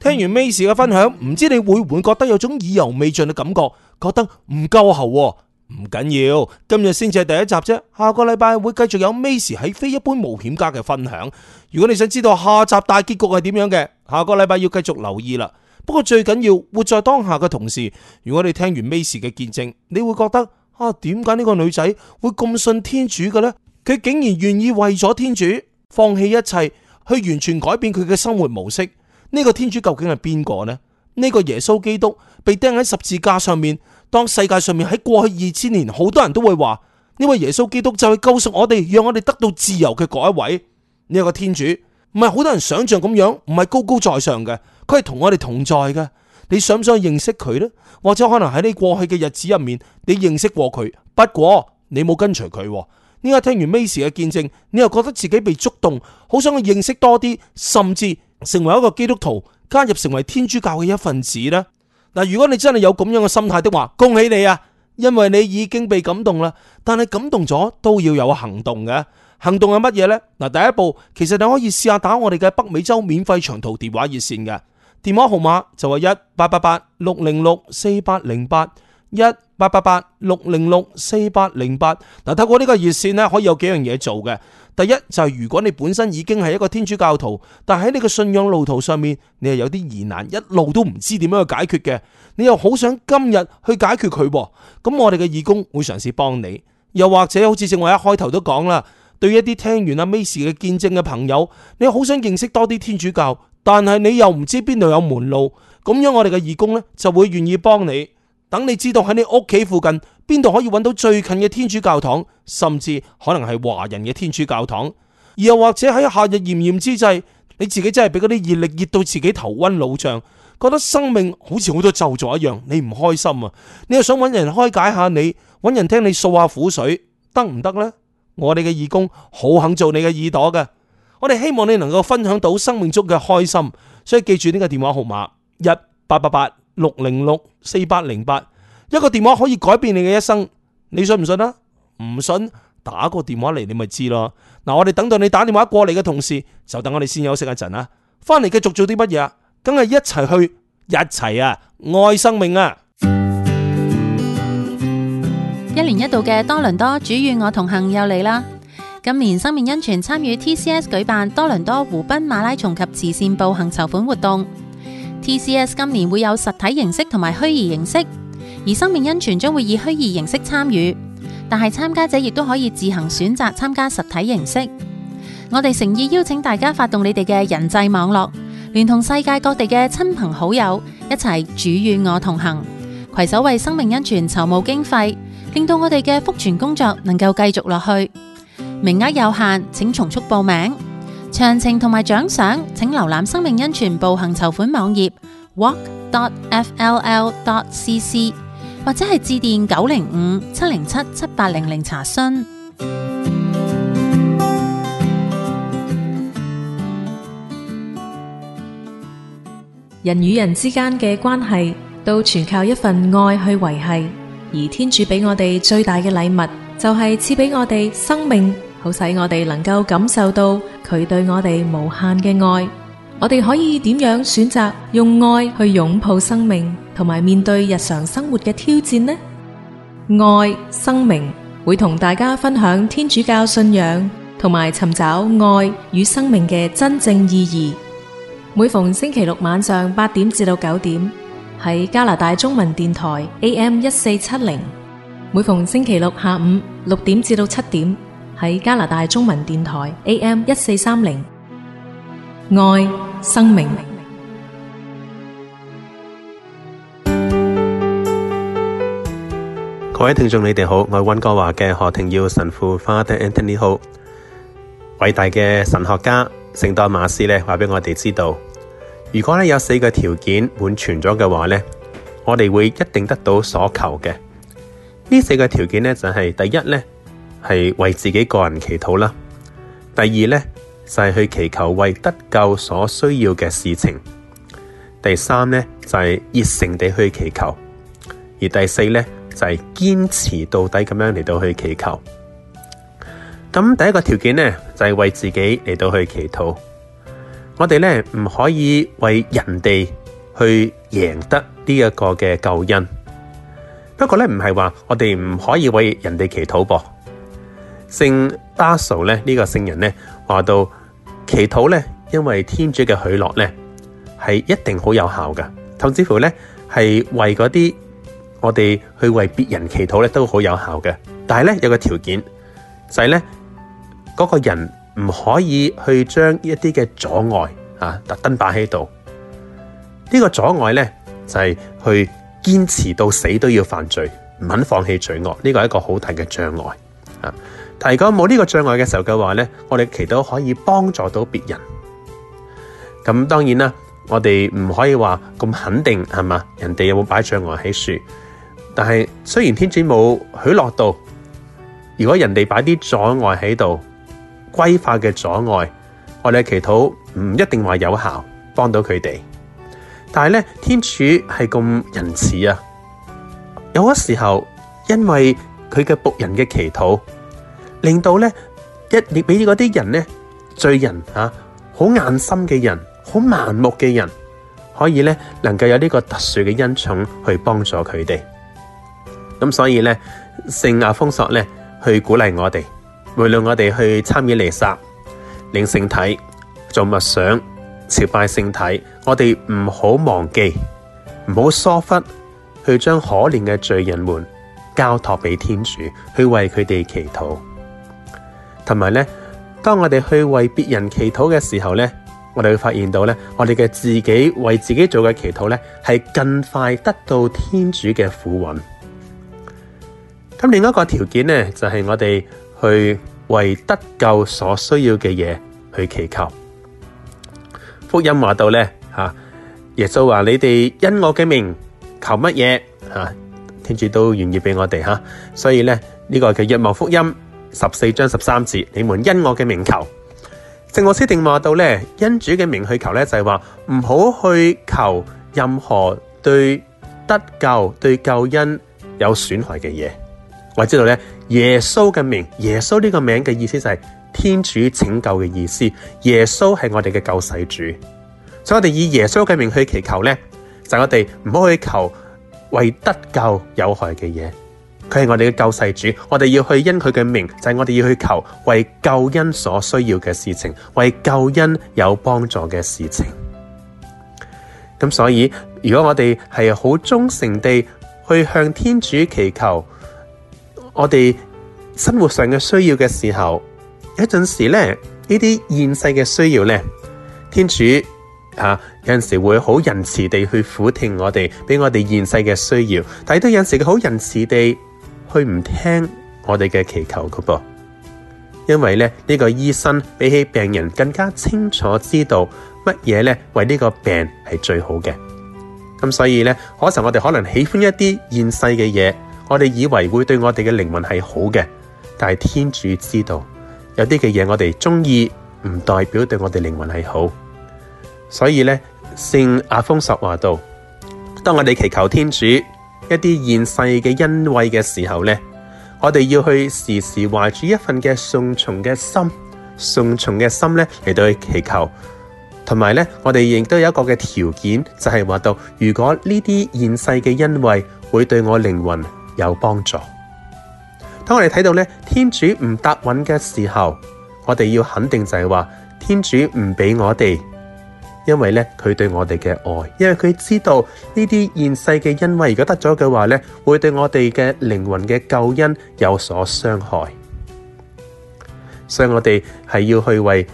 聽完 Mais 嘅分享，唔知你會唔會覺得有種意猶未盡嘅感覺？覺得唔夠喉？唔緊要，今日先至係第一集啫，下個禮拜會繼續有 Mais 喺非一般冒險家嘅分享。如果你想知道下集大結局係點樣嘅，下個禮拜要繼續留意啦。不過最緊要活在當下嘅同時，如果你聽完 Macy 嘅見證，你會覺得啊，點解呢個女仔會咁信天主嘅呢？佢竟然願意為咗天主放棄一切，去完全改變佢嘅生活模式。呢個天主究竟係邊個呢？呢個耶穌基督被釘喺十字架上面，當世界上面喺過去二千年，好多人都會話呢位耶穌基督就係救贖我哋，讓我哋得到自由嘅嗰一位。呢個天主。唔係好多人想象咁樣，唔係高高在上嘅，佢係同我哋同在嘅。你想唔想認識佢呢？或者可能喺你過去嘅日子入面，你認識過佢，不過你冇跟隨佢。呢家，聽完 Mace 嘅見證，你又覺得自己被觸動，好想去認識多啲，甚至成為一個基督徒，加入成為天主教嘅一份子呢。嗱，如果你真係有咁樣嘅心態的話，恭喜你啊，因為你已經被感動啦。但係感動咗都要有行動嘅。行動係乜嘢呢？嗱，第一步其實你可以試下打我哋嘅北美洲免費長途電話熱線嘅電話號碼就係一八八八六零六四八零八一八八八六零六四八零八。嗱，透過呢個熱線呢，可以有幾樣嘢做嘅。第一就係、是、如果你本身已經係一個天主教徒，但喺你嘅信仰路途上面你係有啲疑難，一路都唔知點樣去解決嘅，你又好想今日去解決佢噃。咁我哋嘅義工會嘗試幫你，又或者好似正話一開頭都講啦。對一啲聽完阿咩事嘅見證嘅朋友，你好想認識多啲天主教，但係你又唔知邊度有門路，咁樣我哋嘅義工呢就會願意幫你，等你知道喺你屋企附近邊度可以搵到最近嘅天主教堂，甚至可能係華人嘅天主教堂，而又或者喺夏日炎炎之際，你自己真係俾嗰啲熱力熱到自己頭暈腦脹，覺得生命好似好多咒狀一樣，你唔開心啊，你又想搵人開解下你，搵人聽你訴下苦水，得唔得呢？我哋嘅義工好肯做你嘅耳朵㗎。我哋希望你能夠分享到生命中嘅開心，所以記住呢個電話號碼一八八八六零六四八零八，一個電話可以改變你嘅一生，你信唔信啊？唔信打個電話嚟，你咪知咯。嗱，我哋等到你打電話過嚟嘅同時，就等我哋先休息一陣啊。翻嚟繼續做啲乜嘢啊？梗係一齊去，一齊啊，愛生命啊！一年一度嘅多倫多主與我同行又嚟啦。今年生命恩泉參與 TCS 舉辦多倫多湖濱馬拉松及慈善步行籌款活動。TCS 今年會有實體形式同埋虛擬形式，而生命恩泉將會以虛擬形式參與，但係參加者亦都可以自行選擇參加實體形式。我哋誠意邀請大家發動你哋嘅人際網絡，聯同世界各地嘅親朋好友一齊主與我同行，携手為生命恩泉籌募經費。令到我哋嘅福傳工作能夠繼續落去，名額有限，請從速報名。詳情同埋獎賞，請瀏覽生命恩泉步行籌款網頁 walk dot fll dot cc，或者係致電九零五七零七七八零零查詢。人與人之間嘅關係，都全靠一份愛去維繫。而天主俾我哋最大嘅禮物，就係賜俾我哋生命，好使我哋能夠感受到佢對我哋無限嘅愛。我哋可以點樣選擇用愛去擁抱生命，同埋面對日常生活嘅挑戰呢？愛、生命會同大家分享天主教信仰，同埋尋找愛與生命嘅真正意義。每逢星期六晚上八點至到九點。喺加拿大中文電台 AM 一四七零，每逢星期六下午六點至到七點，喺加拿大中文電台 AM 一四三零，愛生命。各位聽眾，你哋好，我係温哥華嘅何庭耀神父 Father Anthony。好，偉大嘅神學家聖多馬斯呢，話俾我哋知道。如果咧有四個條件滿全咗嘅話咧，我哋會一定得到所求嘅。呢四個條件咧就係第一咧係為自己個人祈禱啦，第二咧就係去祈求為得救所需要嘅事情，第三咧就係熱誠地去祈求，而第四咧就係堅持到底咁樣嚟到去祈求。咁第一個條件咧就係為自己嚟到去祈禱。我哋呢唔可以為人哋去贏得呢一個嘅救恩，不過呢，唔係話我哋唔可以為人哋祈禱噃。聖達蘇咧呢、呢個聖人呢，話到，祈禱呢，因為天主嘅許諾呢係一定好有效噶，甚至乎呢係為嗰啲我哋去為別人祈禱咧都好有效嘅。但係呢，有個條件就係、是、呢嗰、嗰個人。唔可以去將一啲嘅阻礙啊，特登擺喺度。呢、這個阻礙咧就係、是、去堅持到死都要犯罪，唔肯放棄罪惡。呢、這個係一個好大嘅障礙啊。但係如果冇呢個障礙嘅時候嘅話咧，我哋祈禱可以幫助到別人。咁當然啦，我哋唔可以話咁肯定係嘛，人哋有冇擺障礙喺度？但係雖然天主冇許諾到，如果人哋擺啲阻礙喺度。規劃嘅阻礙，我哋嘅祈禱唔一定話有效幫到佢哋，但係咧天主係咁仁慈啊！有嘅時候，因為佢嘅僕人嘅祈禱，令到咧一列俾嗰啲人咧罪人啊，好眼心嘅人，好盲目嘅人，可以咧能夠有呢個特殊嘅恩寵去幫助佢哋。咁所以咧聖亞封索咧去鼓勵我哋。無論我們去參與彌撒、領聖體、做默想、朝拜聖體，我們唔好忘記，唔好疏忽去將可憐的罪人們交託給天主，去為他們祈禱。同埋咧，當我們去為別人祈禱的時候咧，我們會發現到咧，我們嘅自己為自己做的祈禱咧，係更快得到天主的俯允。咁另一個條件咧，就是我們去為得救所需要嘅嘢去祈求。福音話到咧，吓耶穌話：，你哋因我嘅名求乜嘢？吓天主都願意俾我哋吓。所以咧呢、這個嘅約望福音十四章十三節：，你們因我嘅名求。聖奧斯定話到咧，因主嘅名去求咧，就係話唔好去求任何對得救對救恩有損害嘅嘢。我知道耶穌嘅名，耶穌呢個名嘅意思就係天主拯救嘅意思。耶穌係我哋嘅救世主，所以我哋以耶穌嘅名去祈求呢就係我哋唔好去求為得救有害嘅嘢。佢係我哋嘅救世主，我哋要去因佢嘅名，就係我哋要去求為救恩所需要嘅事情，為救恩有幫助嘅事情。噉所以，如果我哋係好忠誠地去向天主祈求。我哋生活上嘅需要嘅時候，有陣時咧呢啲現世嘅需要咧，天主啊有陣時會好仁慈地去俯聽我哋，俾我哋現世嘅需要，但係都有陣時佢好仁慈地去唔聽我哋嘅祈求嘅噃，因為咧呢個醫生比起病人更加清楚知道乜嘢咧為呢個病係最好嘅，咁所以咧，可能我哋可能喜歡一啲現世嘅嘢。我哋以為會對我哋嘅靈魂係好嘅，但係天主知道有啲嘅嘢我哋中意唔代表對我哋靈魂係好，所以咧聖阿豐十話道，當我哋祈求天主一啲現世嘅恩惠嘅時候咧，我哋要去時時懷住一份嘅順從嘅心，順從嘅心咧嚟到去祈求，同埋咧我哋亦都有一個嘅條件，就係話到如果呢啲現世嘅恩惠會對我靈魂。有幫助。當我哋睇到咧，天主唔答允嘅時候，我哋要肯定就係話，天主唔俾我哋，因為咧佢對我哋嘅愛，因為佢知道呢啲現世嘅恩惠，如果得咗嘅話咧，會對我哋嘅靈魂嘅救恩有所傷害，所以我哋係要去為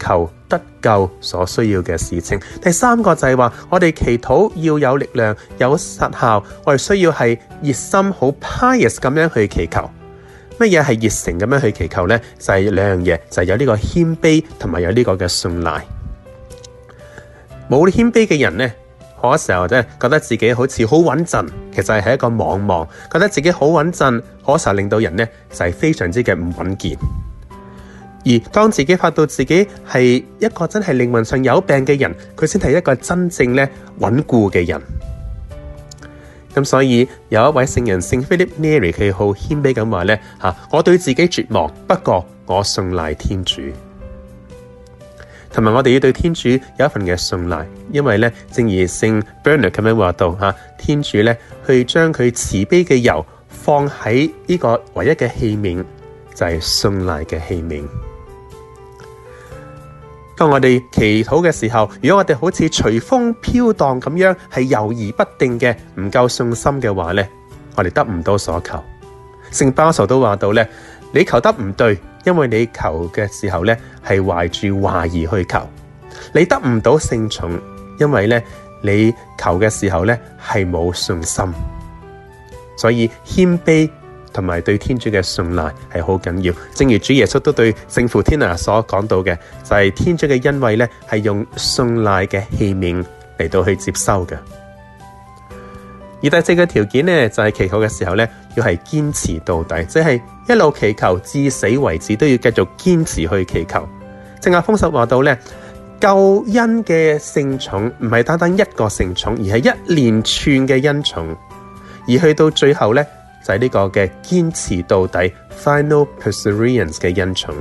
求得救所需要嘅事情。第三個就係話，我哋祈禱要有力量、有實效，我哋需要係。熱心好 pious 咁樣去祈求。乜嘢係熱誠咁樣去祈求呢？就係兩樣嘢，就係有呢個謙卑同埋有呢個嘅信賴。冇謙卑嘅人呢，好多時候真覺得自己好似好穩陣，其實係一個妄望，覺得自己好穩陣，好多時候令到人呢，就係非常之嘅唔穩健。而當自己發到自己係一個真係靈魂上有病嘅人，佢先係一個真正呢穩固嘅人。咁所以有一位聖人姓 Philip Neri，佢好謙卑咁話：我對自己絕望，不過我信賴天主。同埋，我哋要對天主有一份嘅信賴，因為咧，正如聖 Bernard 咁樣話到天主咧去將佢慈悲嘅油放喺呢個唯一嘅器皿，就係信賴嘅器皿。當我哋祈禱嘅時候，如果我哋好似隨風飄蕩咁樣，係猶豫不定嘅，唔夠信心嘅話咧，我哋得唔到所求。聖巴受都話到咧，你求得唔對，因為你求嘅時候咧係懷住懷疑去求，你得唔到聖寵，因為咧你求嘅時候咧係冇信心，所以謙卑。同埋對天主嘅信賴係好緊要，正如主耶穌都對聖父天啊所講到嘅，就係天主嘅恩惠咧，係用信賴嘅器皿嚟到去接收嘅。而第四個條件呢，就係祈求嘅時候咧，要係堅持到底，即係一路祈求至死為止都要繼續堅持去祈求。聖亞豐神話到咧，救恩嘅聖寵唔係單單一個聖寵，而係一連串嘅恩寵，而去到最後咧。就係呢個嘅堅持到底 （Final Perseverance） 嘅恩寵，呢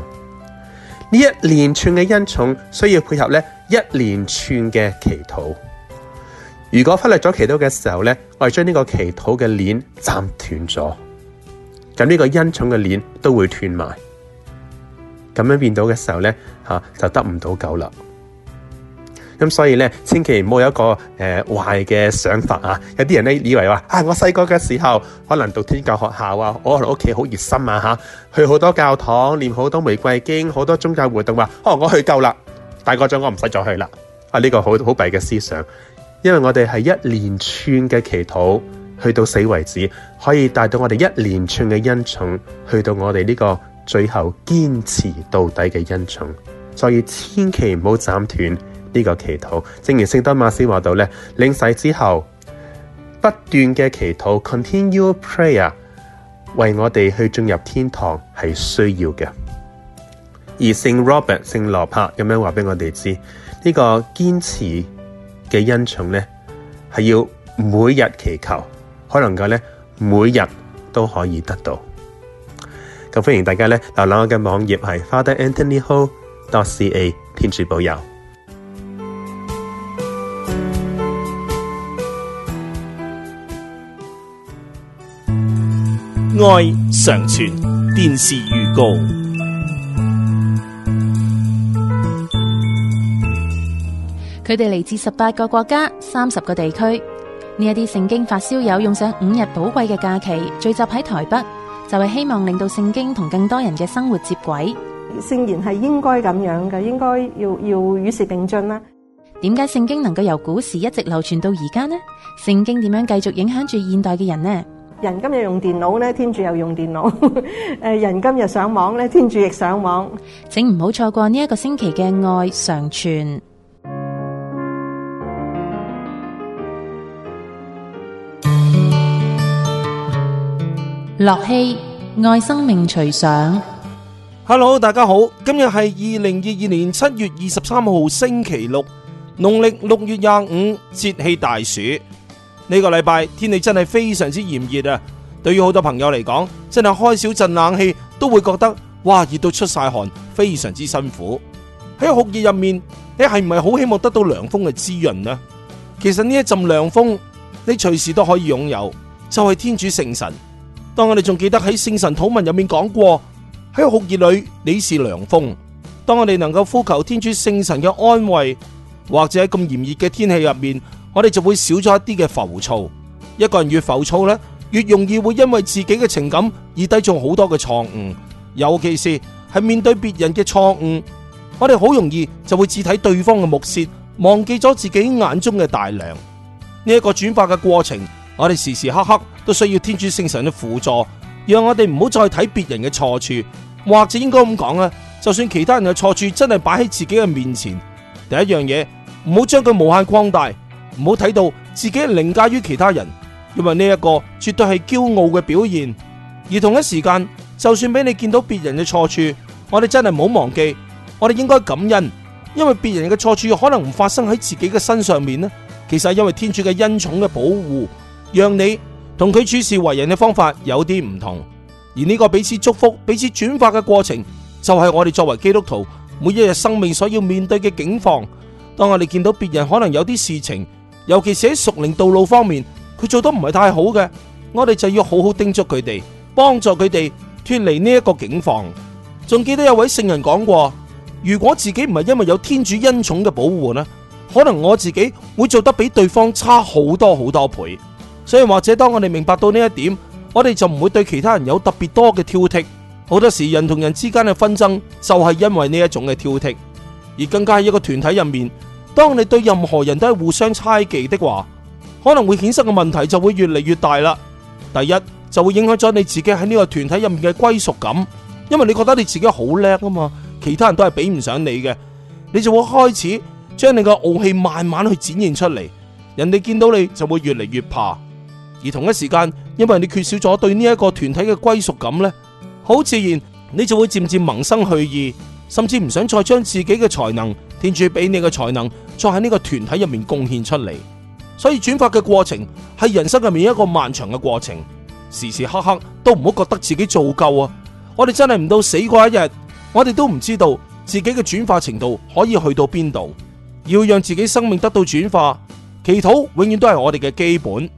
一連串嘅恩寵需要配合咧一連串嘅祈禱。如果忽略咗祈禱嘅時候咧，我哋將呢個祈禱嘅鏈斬斷咗，咁呢個恩寵嘅鏈都會斷埋。咁樣變到嘅時候咧，吓就得唔到救啦。咁所以咧，千祈唔好有一個誒、呃、壞嘅想法啊！有啲人咧以為話啊，我細個嘅時候可能讀天教學校啊，我喺屋企好熱心啊，嚇去好多教堂，念好多玫瑰經，好多宗教活動，話哦、啊，我去夠啦，大個咗我唔使再去啦啊！呢個好好弊嘅思想，因為我哋係一連串嘅祈禱，去到死為止，可以帶到我哋一連串嘅恩寵，去到我哋呢個最後堅持到底嘅恩寵，所以千祈唔好斬斷。呢個祈禱，正如聖德馬斯話到咧，領洗之後不斷嘅祈禱，continue prayer，為我哋去進入天堂係需要嘅。而聖 Robert 聖羅柏咁樣話俾我哋知，呢個堅持嘅恩寵咧係要每日祈求，可能夠咧每日都可以得到。咁歡迎大家咧瀏覽我嘅網頁，係 fatheranthonyho.ca，天主保佑。愛常存電視預告，佢哋嚟自十八個國家、三十個地區，呢一啲聖經發燒友用上五日寶貴嘅假期聚集喺台北，就係希望令到聖經同更多人嘅生活接軌。聖言係應該咁樣嘅，應該要要與時並進啦。點解聖經能夠由古時一直流傳到而家呢？聖經點樣繼續影響住現代嘅人呢？人今日用電腦咧，天主又用電腦。誒，人今日上網咧，天主亦上網。請唔好錯過呢一個星期嘅愛常存。樂器，愛生命隨想。Hello，大家好，今日係二零二二年七月二十三號星期六，農曆六月廿五，節氣大暑。呢、這個禮拜天氣真係非常之炎熱啊！對於好多朋友嚟講，真係開少陣冷氣都會覺得哇熱到出晒汗，非常之辛苦。喺酷熱入面，你係唔係好希望得到涼風嘅滋潤呢？其實呢一陣涼風，你隨時都可以擁有，就係、是、天主聖神。當我哋仲記得喺聖神禱文入面講過，喺酷熱裏你是涼風。當我哋能夠呼求天主聖神嘅安慰，或者喺咁炎熱嘅天氣入面。我哋就會少咗一啲嘅浮躁。一個人越浮躁呢越容易會因為自己嘅情感而低中好多嘅錯誤。尤其是係面對別人嘅錯誤，我哋好容易就會只睇對方嘅木屑，忘記咗自己眼中嘅大梁。呢一個轉發嘅過程，我哋時時刻刻都需要天主聖神嘅輔助，讓我哋唔好再睇別人嘅錯處，或者應該咁講啊。就算其他人嘅錯處真係擺喺自己嘅面前，第一樣嘢唔好將佢無限擴大。唔好睇到自己凌駕於其他人，因為呢一個絕對係驕傲嘅表現，而同一時間，就算俾你見到別人嘅錯處，我哋真係唔好忘記，我哋應該感恩，因為別人嘅錯處可能唔發生喺自己嘅身上面咧。其實係因為天主嘅恩寵嘅保護，讓你同佢處事爲人嘅方法有啲唔同。而呢個彼此祝福、彼此轉化嘅過程，就係我哋作爲基督徒每一日生命所要面對嘅境況。當我哋見到別人可能有啲事情，尤其是喺熟齡道路方面，佢做得唔係太好嘅，我哋就要好好叮囑佢哋，幫助佢哋脫離呢一個境況。仲記得有位聖人講過，如果自己唔係因為有天主恩寵嘅保護呢，可能我自己會做得比對方差好多好多倍。所以或者當我哋明白到呢一點，我哋就唔會對其他人有特別多嘅挑剔。好多時人同人之間嘅紛爭就係因為呢一種嘅挑剔，而更加喺一個團體入面。當你對任何人都係互相猜忌的話，可能會衍生嘅問題就會越嚟越大啦。第一，就會影響咗你自己喺呢個團體入面嘅歸屬感，因為你覺得你自己好叻啊嘛，其他人都係比唔上你嘅，你就會開始將你嘅傲氣慢慢去展現出嚟，人哋見到你就會越嚟越怕。而同一時間，因為人哋缺少咗對呢一個團體嘅歸屬感呢，好自然你就會漸漸萌生去意，甚至唔想再將自己嘅才能天住俾你嘅才能。添住給你的再喺呢個團體入面貢獻出嚟，所以轉化嘅過程係人生入面一個漫長嘅過程，時時刻刻都唔好覺得自己做夠啊！我哋真係唔到死過一日，我哋都唔知道自己嘅轉化程度可以去到邊度。要讓自己生命得到轉化，祈禱永遠都係我哋嘅基本，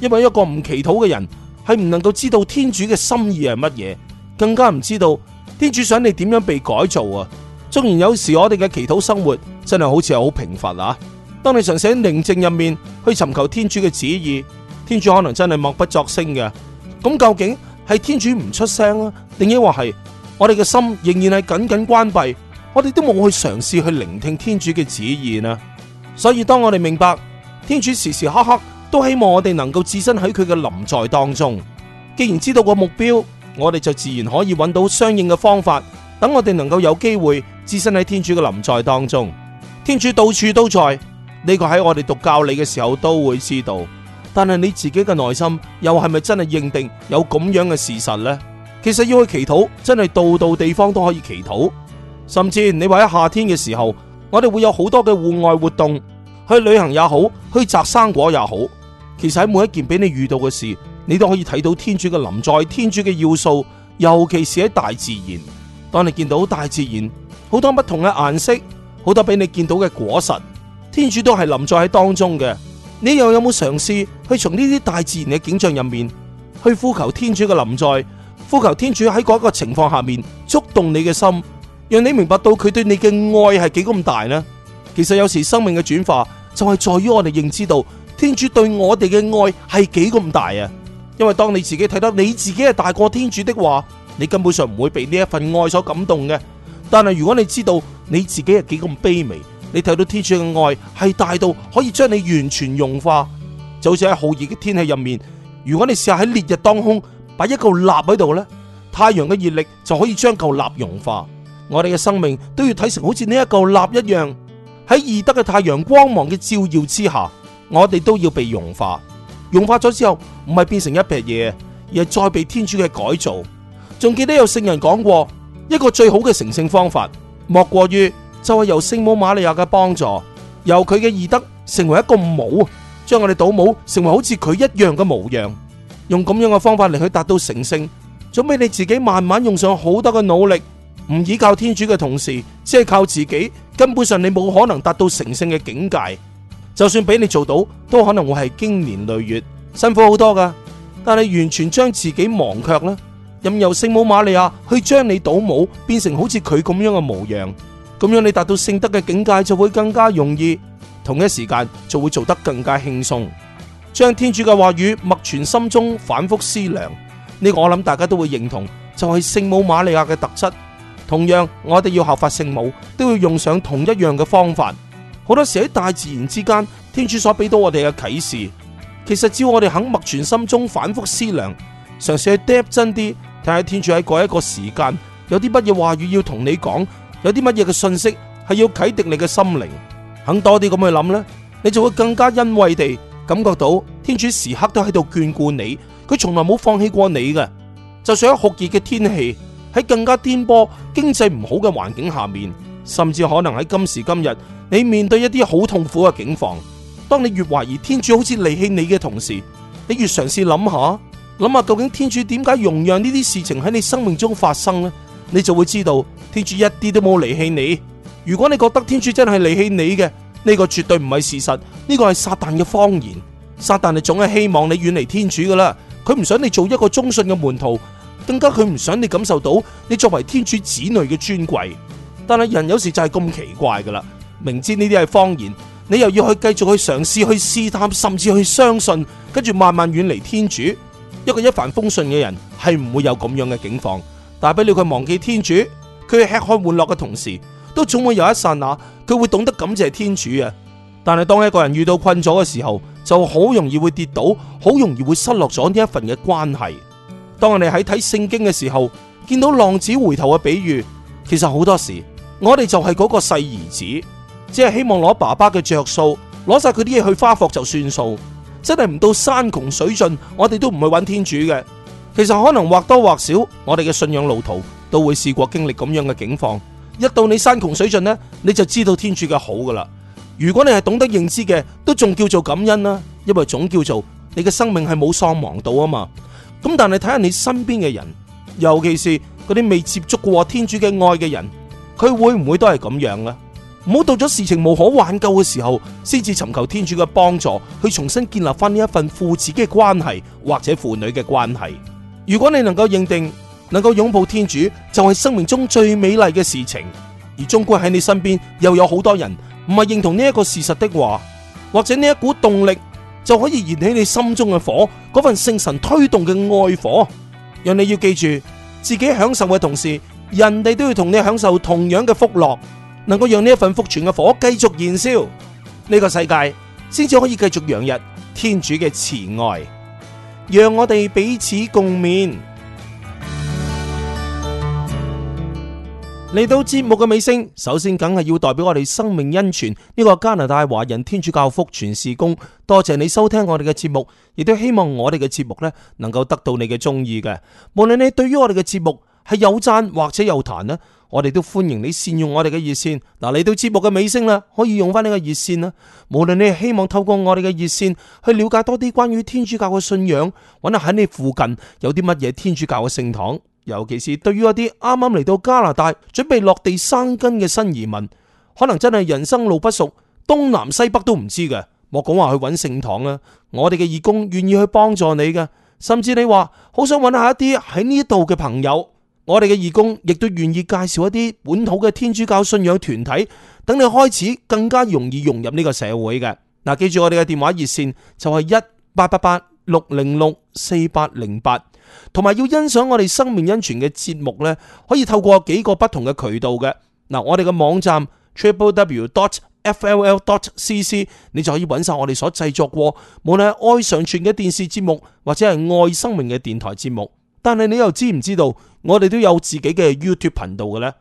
因為一個唔祈禱嘅人係唔能夠知道天主嘅心意係乜嘢，更加唔知道天主想你點樣被改造啊！縱然有時我哋嘅祈禱生活真係好似好平凡啊！當你嘗試喺寧靜入面去尋求天主嘅旨意，天主可能真係默不作聲嘅。咁究竟係天主唔出聲啊？定抑或係我哋嘅心仍然係緊緊關閉？我哋都冇去嘗試去聆聽天主嘅旨意呢？所以當我哋明白天主時時刻刻都希望我哋能夠置身喺佢嘅臨在當中，既然知道個目標，我哋就自然可以揾到相應嘅方法。等我哋能夠有機會置身喺天主嘅臨在當中，天主到處都在，呢個喺我哋讀教理嘅時候都會知道，但係你自己嘅內心又係咪真係認定有咁樣嘅事實呢？其實要去祈禱，真係度度地方都可以祈禱，甚至你話喺夏天嘅時候，我哋會有好多嘅戶外活動，去旅行也好，去摘生果也好，其實喺每一件俾你遇到嘅事，你都可以睇到天主嘅臨在，天主嘅要素，尤其是喺大自然。當你見到大自然好多不同嘅顏色，好多俾你見到嘅果實，天主都係臨在喺當中嘅。你又有冇嘗試去從呢啲大自然嘅景象入面去呼求天主嘅臨在，呼求天主喺嗰個情況下面觸動你嘅心，讓你明白到佢對你嘅愛係幾咁大呢？其實有時生命嘅轉化就係在於我哋認知到天主對我哋嘅愛係幾咁大啊！因為當你自己睇到你自己係大過天主的話。你根本上唔會被呢一份愛所感動嘅，但係如果你知道你自己係幾咁卑微，你睇到天主嘅愛係大到可以將你完全融化，就好似喺酷熱嘅天氣入面，如果你試下喺烈日當空擺一嚿蠟喺度呢，太陽嘅熱力就可以將嚿蠟融化。我哋嘅生命都要睇成好似呢一嚿蠟一樣，喺義德嘅太陽光芒嘅照耀之下，我哋都要被融化，融化咗之後唔係變成一撇嘢，而係再被天主嘅改造。仲記得有聖人講過，一個最好嘅成聖方法，莫過於就係由聖母瑪利亞嘅幫助，由佢嘅義德成為一個模，將我哋倒模成為好似佢一樣嘅模樣，用咁樣嘅方法嚟去達到成聖。總比你自己慢慢用上好多嘅努力，唔依靠天主嘅同時，只係靠自己，根本上你冇可能達到成聖嘅境界。就算俾你做到，都可能會係經年累月辛苦好多噶。但你完全將自己忘卻啦。任由聖母瑪利亞去將你倒模，變成好似佢咁樣嘅模樣，咁樣你達到聖德嘅境界就會更加容易，同一時間就會做得更加輕鬆。將天主嘅話語默存心中，反覆思量，呢、這個、我諗大家都會認同，就係、是、聖母瑪利亞嘅特質。同樣，我哋要效法聖母，都要用上同一樣嘅方法。好多時喺大自然之間，天主所俾到我哋嘅啟示，其實只要我哋肯默存心中，反覆思量，嘗試去 deep 真啲。睇下天主喺嗰一個時間有啲乜嘢話語要同你講，有啲乜嘢嘅信息係要啟迪你嘅心靈，肯多啲咁去諗呢，你就會更加欣慰地感覺到天主時刻都喺度眷顧你，佢從來冇放棄過你嘅。就算喺酷熱嘅天氣，喺更加顛簸、經濟唔好嘅環境下面，甚至可能喺今時今日，你面對一啲好痛苦嘅境況，當你越懷疑天主好似離棄你嘅同時，你越嘗試諗下。諗下究竟天主點解容讓呢啲事情喺你生命中發生呢？你就會知道天主一啲都冇離棄你。如果你覺得天主真係離棄你嘅呢個，絕對唔係事實。呢個係撒旦嘅謊言。撒旦係總係希望你遠離天主噶啦，佢唔想你做一個忠信嘅門徒，更加佢唔想你感受到你作為天主子女嘅尊貴。但係人有時就係咁奇怪噶啦，明知呢啲係謊言，你又要去繼續去嘗試去試探，甚至去相信，跟住慢慢遠離天主。一個一帆風順嘅人係唔會有咁樣嘅境況，大不了佢忘記天主，佢吃喝玩樂嘅同時，都總會有一剎那佢會懂得感謝天主嘅。但係當一個人遇到困阻嘅時候，就好容易會跌倒，好容易會失落咗呢一份嘅關係。當人哋喺睇聖經嘅時候，見到浪子回頭嘅比喻，其實好多時候我哋就係嗰個細兒子，只係希望攞爸爸嘅着數，攞晒佢啲嘢去花霍就算數。真係唔到山窮水盡，我哋都唔會揾天主嘅。其實可能或多或少，我哋嘅信仰路途都會試過經歷咁樣嘅境況。一到你山窮水盡呢，你就知道天主嘅好噶啦。如果你係懂得認知嘅，都仲叫做感恩啦，因為總叫做你嘅生命係冇喪亡到啊嘛。咁但係睇下你身邊嘅人，尤其是嗰啲未接觸過天主嘅愛嘅人，佢會唔會都係咁樣呢？唔好到咗事情無可挽救嘅時候，先至尋求天主嘅幫助去重新建立翻呢一份父子嘅關係或者父女嘅關係。如果你能夠認定能夠擁抱天主就係生命中最美麗嘅事情，而終歸喺你身邊又有好多人唔係認同呢一個事實的話，或者呢一股動力就可以燃起你心中嘅火，嗰份聖神推動嘅愛火。讓你要記住，自己享受嘅同時，人哋都要同你享受同樣嘅福樂。能夠讓呢一份福傳嘅火繼續燃燒，呢、這個世界先至可以繼續洋溢天主嘅慈愛，讓我哋彼此共勉。嚟到節目嘅尾聲，首先梗係要代表我哋生命恩泉呢、這個加拿大華人天主教福傳事工，多謝你收聽我哋嘅節目，亦都希望我哋嘅節目能夠得到你嘅中意嘅。無論你對於我哋嘅節目係有讚或者有彈呢，我哋都歡迎你善用我哋嘅熱線，嗱，嚟到節目嘅尾聲啦，可以用翻呢個熱線啦。無論你係希望透過我哋嘅熱線去了解多啲關於天主教嘅信仰，搵下喺你附近有啲乜嘢天主教嘅聖堂，尤其是對於一啲啱啱嚟到加拿大準備落地生根嘅新移民，可能真係人生路不熟，東南西北都唔知嘅，莫講話去搵聖堂啦。我哋嘅義工願意去幫助你㗎。甚至你話好想搵下一啲喺呢度嘅朋友。我哋嘅義工亦都願意介紹一啲本土嘅天主教信仰團體，等你開始更加容易融入呢個社會嘅。嗱，記住我哋嘅電話熱線就係一八八八六零六四八零八，同埋要欣賞我哋生命恩泉嘅節目呢，可以透過幾個不同嘅渠道嘅。嗱，我哋嘅網站 www.fll.cc，你就可以揾晒我哋所製作過，無論係愛上傳嘅電視節目或者係愛生命嘅電台節目。但係你又知唔知道，我哋都有自己嘅 YouTube 頻道嘅呢？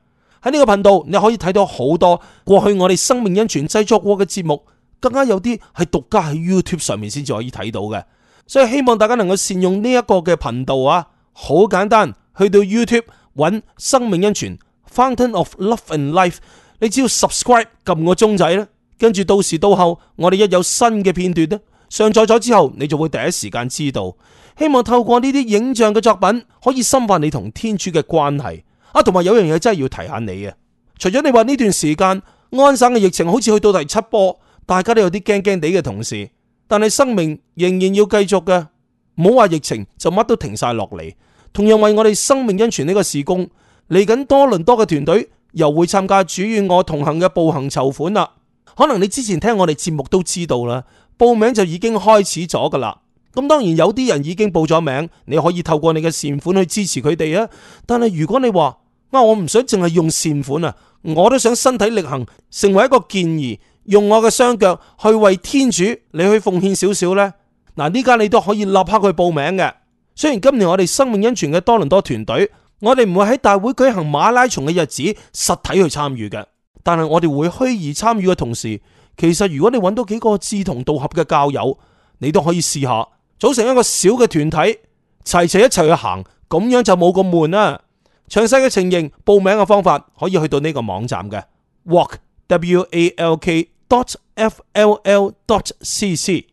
喺呢個頻道，你可以睇到好多過去我哋生命恩泉製作過嘅節目，更加有啲係獨家喺 YouTube 上面先至可以睇到嘅。所以希望大家能夠善用呢一個嘅頻道啊！好簡單，去到 YouTube 揾生命恩泉 Fountain of Love and Life，你只要 subscribe 撳個鐘仔啦。跟住到時到後，我哋一有新嘅片段呢，上載咗之後，你就會第一時間知道。希望透過呢啲影像嘅作品，可以深化你同天主嘅關係啊！同埋有樣嘢真係要提下你啊！除咗你話呢段時間安省嘅疫情好似去到第七波，大家都有啲驚驚地嘅同時，但係生命仍然要繼續嘅，唔好話疫情就乜都停晒落嚟。同樣為我哋生命恩泉呢個事工嚟緊多倫多嘅團隊又會參加主與我同行嘅步行籌款啦。可能你之前聽我哋節目都知道啦，報名就已經開始咗噶啦。咁當然有啲人已經報咗名，你可以透過你嘅善款去支持佢哋啊。但係如果你話啊，我唔想淨係用善款啊，我都想身體力行，成為一個健兒，用我嘅雙腳去為天主，你去奉獻少少呢。嗱，呢家你都可以立刻去報名嘅。雖然今年我哋生命恩泉嘅多倫多團隊，我哋唔會喺大會舉行馬拉松嘅日子實體去參與嘅，但係我哋會虛擬參與嘅同時，其實如果你揾到幾個志同道合嘅教友，你都可以試下。組成一個小嘅團體，齊齊一齊去行，咁樣就冇咁悶啦。詳細嘅情形報名嘅方法可以去到呢個網站嘅 walk w a l k dot f l l dot c c。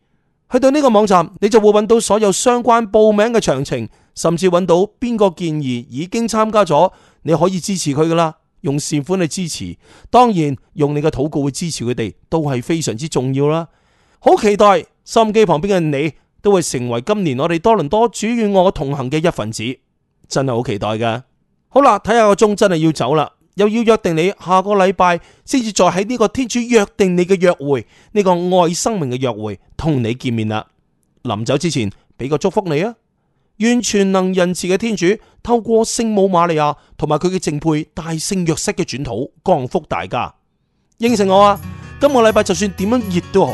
去到呢個網站，你就會揾到所有相關報名嘅詳情，甚至揾到邊個建議已經參加咗，你可以支持佢噶啦，用善款去支持，當然用你嘅禱告去支持佢哋都係非常之重要啦。好期待收音機旁邊嘅你。都會成為今年我哋多倫多主與我同行嘅一份子，真係好期待嘅。好啦，睇下個鐘，真係要走啦，又要約定你下個禮拜先至再喺呢個天主約定你嘅約會，呢個愛生命嘅約會同你見面啦。臨走之前，俾個祝福你啊！願全能仁慈嘅天主透過聖母瑪利亞同埋佢嘅淨配大聖若瑟嘅轉禱降福大家。應承我啊，今個禮拜就算點樣熱都好，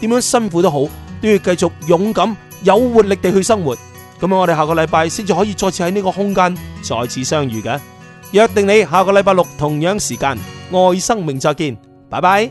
點樣辛苦都好。都要繼續勇敢、有活力地去生活，咁樣我哋下個禮拜先至可以再次喺呢個空間再次相遇嘅，約定你下個禮拜六同樣時間愛生命再見，拜拜。